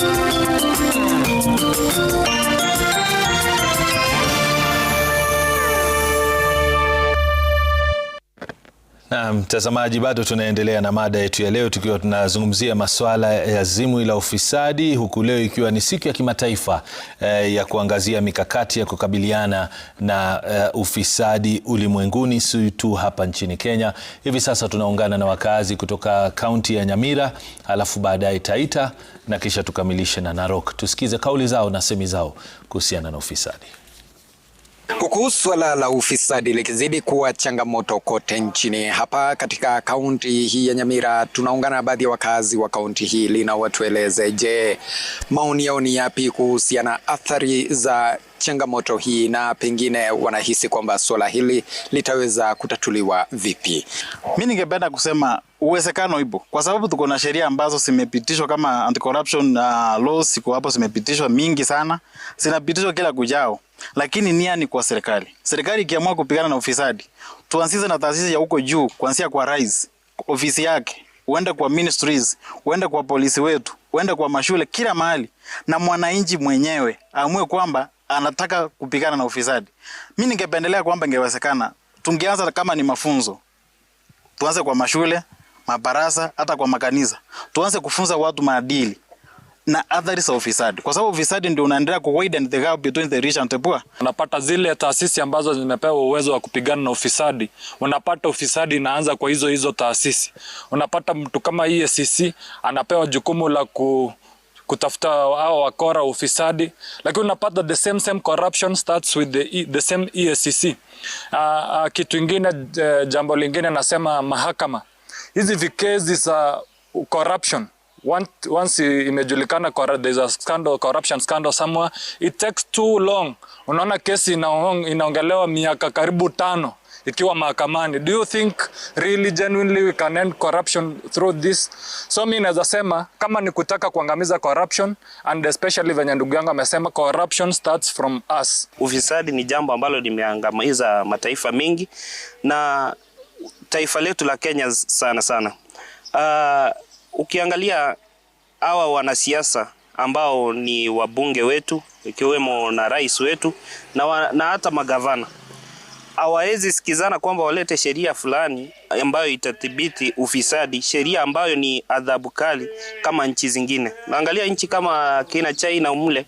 Thank you. mtazamaji, bado tunaendelea na mada yetu ya leo tukiwa tunazungumzia masuala ya zimwi la ufisadi, huku leo ikiwa ni siku ya kimataifa eh, ya kuangazia mikakati ya kukabiliana na eh, ufisadi ulimwenguni, si tu hapa nchini Kenya. Hivi sasa tunaungana na wakazi kutoka kaunti ya Nyamira, alafu baadaye Taita na kisha tukamilishe na Narok, tusikize kauli zao na semi zao kuhusiana na ufisadi. Huku swala la ufisadi likizidi kuwa changamoto kote nchini, hapa katika kaunti hii ya Nyamira tunaungana na baadhi ya wakazi wa kaunti hii lina watueleze, je, maoni yao ni yapi kuhusiana na athari za changamoto hii na pengine wanahisi kwamba swala hili litaweza kutatuliwa vipi? Mi ningependa kusema uwezekano ipo, kwa sababu tuko na sheria ambazo zimepitishwa kama anti-corruption uh, laws, siko hapo, zimepitishwa mingi sana, zinapitishwa kila kujao lakini nia ni kwa serikali. Serikali ikiamua kupigana na ufisadi, tuanzize na taasisi ya huko juu, kuanzia kwa rais, ofisi yake, uende kwa ministries, uende kwa polisi wetu, uende kwa mashule, kila mahali, na mwananchi mwenyewe aamue kwamba anataka kupigana na ufisadi. Mi ningependelea kwamba ingewezekana tungeanza kama ni mafunzo, tuanze kwa mashule, mabarasa, hata kwa makanisa, tuanze kufunza watu maadili na athari za ufisadi, kwa sababu ufisadi ndio unaendelea ku widen the gap between the rich and the poor. Unapata zile taasisi ambazo zimepewa uwezo wa kupigana na ufisadi, unapata ufisadi inaanza kwa hizo hizo taasisi. Unapata mtu kama EACC anapewa jukumu la ku kutafuta hao wakora ufisadi, lakini unapata the same same corruption starts with the, e, the same EACC. Uh, ah, uh, ah, kitu ingine uh, jambo lingine nasema mahakama, hizi vikezi za uh, corruption once imejulikana there's a scandal, corruption scandal somewhere, it takes too long. Unaona kesi inaongelewa miaka karibu tano ikiwa mahakamani. Do you think really genuinely we can end corruption through this? So mi naweza sema kama ni kutaka kuangamiza corruption and especially venye ndugu yangu amesema corruption starts from us. Ufisadi ni jambo ambalo limeangamiza mataifa mengi na taifa letu la Kenya sana sana. Uh, Ukiangalia hawa wanasiasa ambao ni wabunge wetu ikiwemo na rais wetu na, wa, na hata magavana hawawezi sikizana kwamba walete sheria fulani ambayo itathibiti ufisadi, sheria ambayo ni adhabu kali kama nchi zingine. Naangalia nchi kama kina China mule,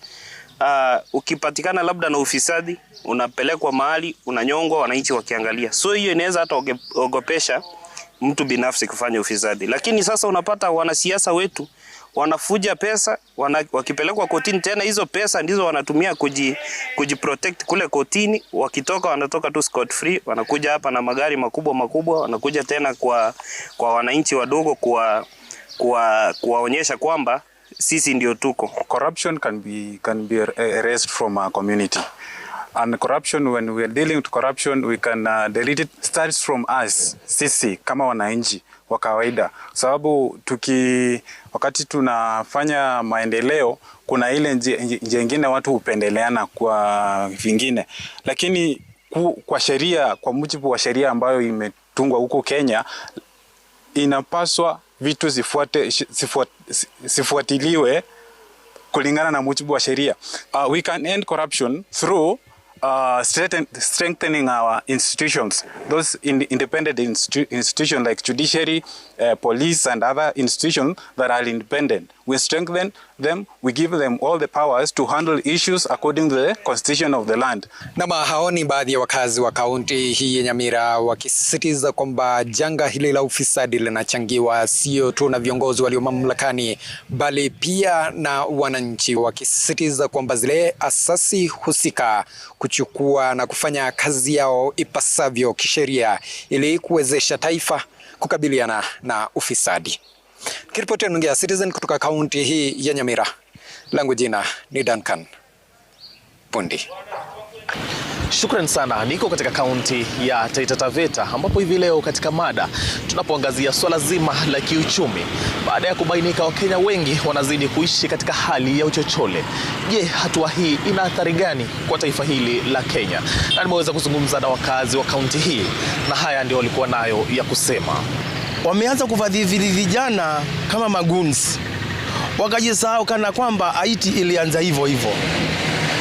Uh, ukipatikana labda na ufisadi unapelekwa mahali unanyongwa, wananchi wakiangalia. So hiyo inaweza hata ogopesha mtu binafsi kufanya ufisadi. Lakini sasa unapata wanasiasa wetu wanafuja pesa wana, wakipelekwa kotini tena hizo pesa ndizo wanatumia kuji, kuji protect kule kotini. Wakitoka wanatoka tu scot free, wanakuja hapa na magari makubwa makubwa, wanakuja tena kwa, kwa wananchi wadogo kwa, kuwa kuwaonyesha kwamba sisi ndio tuko. Corruption can be, can be erased from a community and corruption when we are dealing with corruption we can uh, delete it starts from us sisi kama wananchi wa kawaida sababu tuki wakati tunafanya maendeleo kuna ile njia nyingine watu hupendeleana kwa vingine lakini ku, kwa sheria kwa mujibu wa sheria ambayo imetungwa huko Kenya inapaswa vitu zifuate, zifuat, zifuatiliwe kulingana na mujibu wa sheria uh, we can end corruption through uh, strengthening our institutions, those in independent institu institutions like judiciary, uh, police, and other institutions that are independent we strengthen them, we give them all the powers to handle issues according to the constitution of the land. Nama hao ni baadhi ya wakazi wa kaunti hii ya Nyamira wakisisitiza kwamba janga hili la ufisadi linachangiwa sio tu na viongozi walio mamlakani bali pia na wananchi, wakisisitiza kwamba zile asasi husika kuchukua na kufanya kazi yao ipasavyo kisheria ili kuwezesha taifa kukabiliana na ufisadi. Kiripoti ya Citizen kutoka kaunti hii ya Nyamira. Langu jina ni Duncan Pundi. Shukran sana. Niko katika kaunti ya Taita Taveta ambapo hivi leo katika mada tunapoangazia swala zima la kiuchumi baada ya kubainika Wakenya wengi wanazidi kuishi katika hali ya uchochole. Je, hatua hii ina athari gani kwa taifa hili la Kenya? Na nimeweza kuzungumza na wakazi wa kaunti hii na haya ndio walikuwa nayo ya kusema wameanza kuvadhivili vijana kama maguns, wakajisahau kana kwamba Haiti ilianza hivyo hivyo.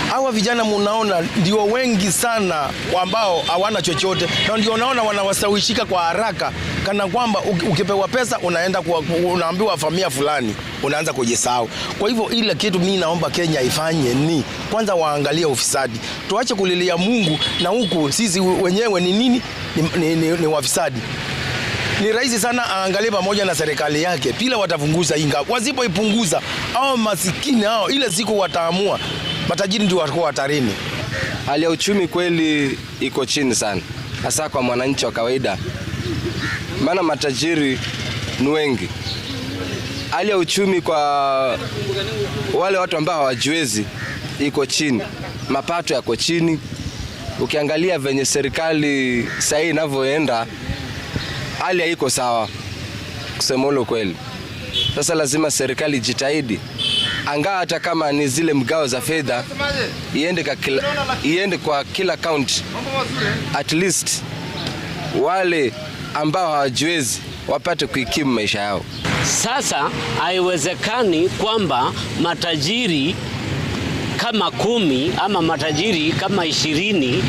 Hawa vijana munaona ndio wengi sana ambao hawana chochote, na ndio unaona wanawasawishika kwa haraka, kana kwamba ukipewa pesa unaenda kwa, unaambiwa famia fulani, unaanza kujisahau. Kwa hivyo ile kitu mimi naomba Kenya ifanye ni kwanza waangalie ufisadi, tuache kulilia Mungu na huku sisi wenyewe ni nini? Ni, ni, ni, ni wafisadi ni rahisi sana aangalie pamoja na serikali yake, pila watapunguza inga. Wasipoipunguza au masikini hao, ile siku wataamua, matajiri ndio watakuwa hatarini. Hali ya uchumi kweli iko chini sana, hasa kwa mwananchi wa kawaida, maana matajiri ni wengi. Hali ya uchumi kwa wale watu ambao hawajiwezi iko chini, mapato yako chini. Ukiangalia venye serikali sahii inavyoenda hali haiko sawa, kusema ule kweli. Sasa lazima serikali jitahidi, angaa hata kama ni zile mgao za fedha iende kwa kila, iende kwa kila kaunti, at least wale ambao hawajiwezi wapate kuikimu maisha yao. Sasa haiwezekani kwamba matajiri kama kumi ama matajiri kama ishirini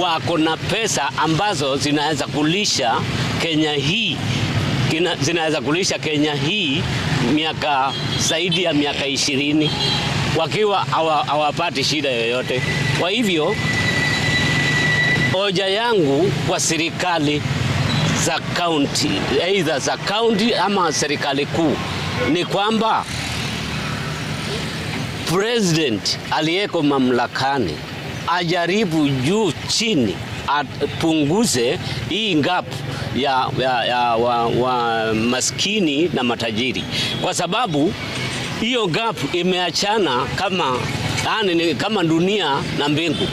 wako na pesa ambazo zinaweza kulisha Kenya hii zinaweza kulisha Kenya hii miaka zaidi ya miaka ishirini wakiwa hawapati shida yoyote. Kwa hivyo hoja yangu kwa serikali za kaunti, aidha za kaunti ama serikali kuu ni kwamba president aliyeko mamlakani ajaribu juu chini apunguze hii gap ya, ya, ya wa, wa maskini na matajiri, kwa sababu hiyo gap imeachana kama, yani, kama dunia na mbingu.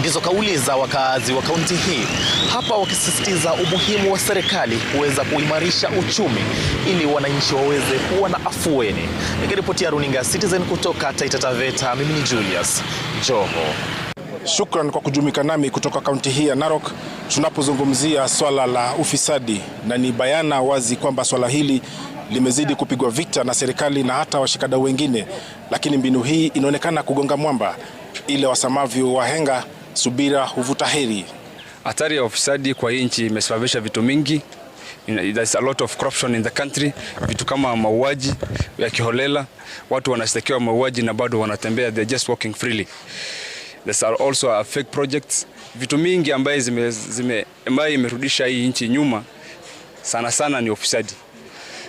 Ndizo kauli za wakazi wa kaunti hii hapa, wakisisitiza umuhimu wa serikali kuweza kuimarisha uchumi ili wananchi waweze kuwa na afueni. ya runinga Citizen kutoka Taita Taveta, mimi ni Julius Joho. Shukran kwa kujumika nami kutoka kaunti hii ya Narok tunapozungumzia swala la ufisadi, na ni bayana wazi kwamba swala hili limezidi kupigwa vita na serikali na hata washikadau wengine, lakini mbinu hii inaonekana kugonga mwamba. Ile wasamavyo wahenga, subira huvuta heri. Hatari ya ufisadi kwa hii nchi imesababisha vitu mingi. There's a lot of corruption in the country. Vitu kama mauaji ya kiholela, watu wanashtakiwa mauaji na bado wanatembea, they're just walking freely. There are also a uh, fake projects, vitu mingi ambaye zime, zime, ambaye imerudisha hii nchi nyuma sana sana ni ufisadi.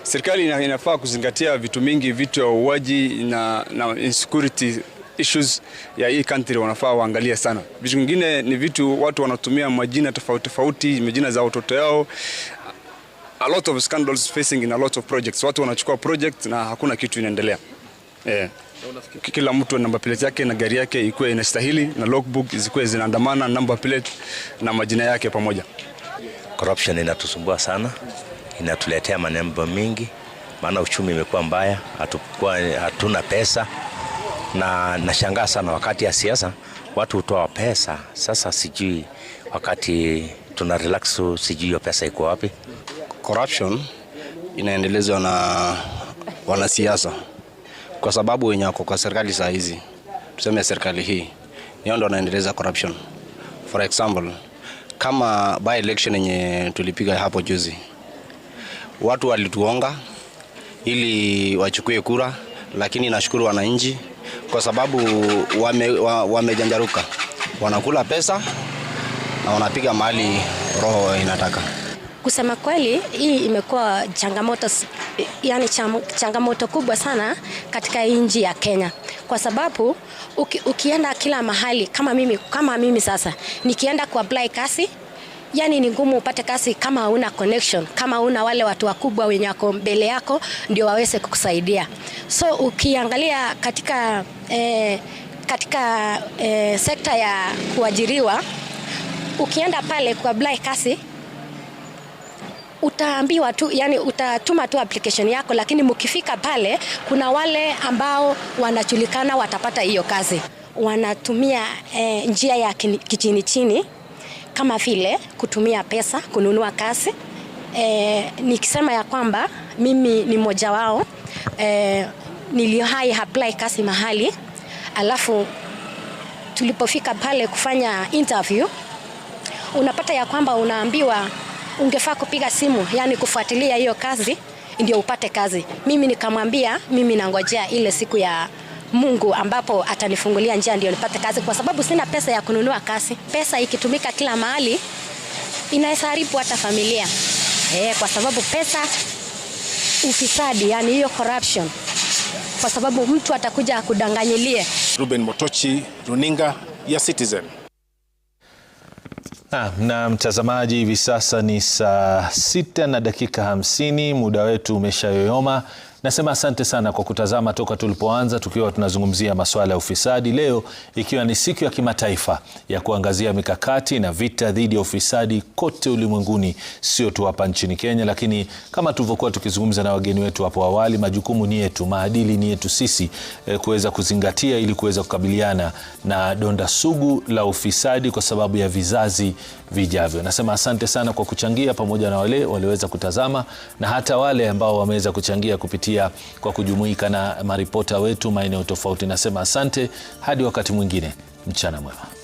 Serikali inafaa kuzingatia vitu mingi, vitu ya uwaji na, na insecurity issues ya hii country wanafaa waangalie sana. Vitu vingine ni vitu watu wanatumia majina tofauti tofauti, majina za watoto yao. A lot of scandals facing in a lot of projects. Watu wanachukua project na hakuna kitu inaendelea. Yeah. Kila mtu namba plate yake na gari yake ikuwe inastahili na logbook zikuwe zinaandamana namba plate na majina yake pamoja. Corruption inatusumbua sana, inatuletea manembo mingi, maana uchumi imekuwa mbaya, hatukua, hatuna pesa na nashangaa sana wakati ya siasa watu hutoa pesa. Sasa sijui wakati tuna relax, sijui hiyo pesa iko wapi. Corruption inaendelezwa na wanasiasa kwa sababu wenye wako kwa serikali saa hizi, tuseme serikali hii ndio ndo wanaendeleza corruption. For example, kama by election yenye tulipiga hapo juzi, watu walituonga ili wachukue kura, lakini nashukuru wananchi kwa sababu wamejanjaruka, wanakula pesa na wanapiga mahali roho inataka. Kusema kweli, hii imekuwa changamoto, yani changamoto kubwa sana katika nchi ya Kenya kwa sababu uki, ukienda kila mahali kama mimi, kama mimi sasa nikienda kuapply kazi yani ni ngumu upate kazi kama hauna connection, kama hauna wale watu wakubwa wenye wako mbele yako ndio waweze kukusaidia. So ukiangalia katika, eh, katika eh, sekta ya kuajiriwa ukienda pale kuapply kazi utaambiwa tu, yani utatuma tu application yako, lakini mkifika pale kuna wale ambao wanajulikana watapata hiyo kazi. Wanatumia eh, njia ya kichini chini kama vile kutumia pesa kununua kazi. Eh, nikisema ya kwamba mimi ni mmoja wao eh, nilihai apply kazi mahali, alafu tulipofika pale kufanya interview unapata ya kwamba unaambiwa ungefaa kupiga simu, yani kufuatilia hiyo kazi ndio upate kazi. Mimi nikamwambia mimi nangojea ile siku ya Mungu ambapo atanifungulia njia ndio nipate kazi, kwa sababu sina pesa ya kununua kazi. Pesa ikitumika kila mahali inaweza haribu hata familia e, kwa sababu pesa, ufisadi, yani hiyo corruption, kwa sababu mtu atakuja akudanganyilie. Ruben Motochi, runinga ya Citizen. Na, na mtazamaji, hivi sasa ni saa sita na dakika hamsini. Muda wetu umeshayoyoma. Nasema asante sana kwa kutazama toka tulipoanza tukiwa tunazungumzia masuala ya ufisadi, leo ikiwa ni siku ya kimataifa ya kuangazia mikakati na vita dhidi ya ufisadi kote ulimwenguni, sio tu hapa nchini Kenya. Lakini kama tulivyokuwa tukizungumza na wageni wetu hapo awali, majukumu ni yetu, maadili ni yetu sisi e, kuweza kuzingatia ili kuweza kukabiliana na donda sugu la ufisadi kwa sababu ya vizazi vijavyo. Nasema asante sana kwa kuchangia pamoja na wale walioweza kutazama na hata wale ambao wameweza kuchangia kupitia kupitia kwa kujumuika na maripota wetu maeneo tofauti. Nasema asante hadi wakati mwingine, mchana mwema.